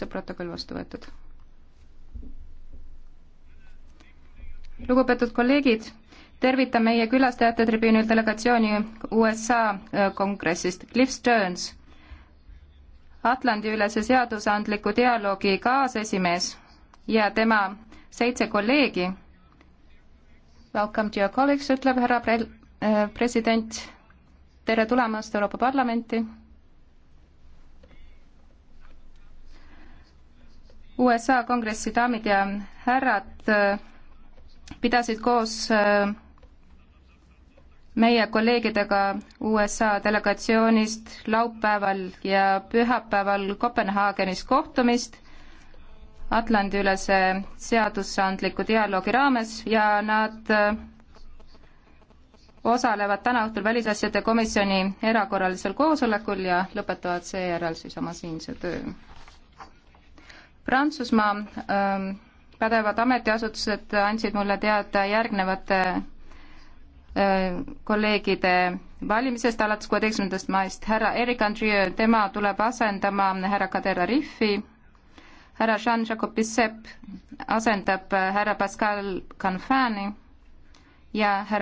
see protokoll vastu võetud. lugupeetud kolleegid, tervitan meie külastajate tribüünil delegatsiooni USA äh, kongressist Cliff Stearns, Atlandi-ülese seadusandliku dialoogi kaasesimees ja tema seitse kolleegi. Welcome to your colleagues, ütleb härra pre-, äh, president. tere tulemast Euroopa Parlamenti USA kongressi daamid ja härrad äh, pidasid koos äh, meie kolleegidega USA delegatsioonist laupäeval ja pühapäeval Kopenhaagenis kohtumist Atlandi-ülese seadusandliku dialoogi raames ja nad äh, osalevad täna õhtul Välisasjade Komisjoni erakorralisel koosolekul ja lõpetavad seejärel siis oma siinse töö. Prantsusmaa ähm, pädevad ametiasutused andsid mulle teada järgnevate äh, kolleegide valimisest alates kuueteistkümnendast maist. härra Erik Andrieu, tema tuleb asendama härra Kadri Arifi, härra Jean-Jacques Bissep asendab äh, härra Pascal Canfani ja härra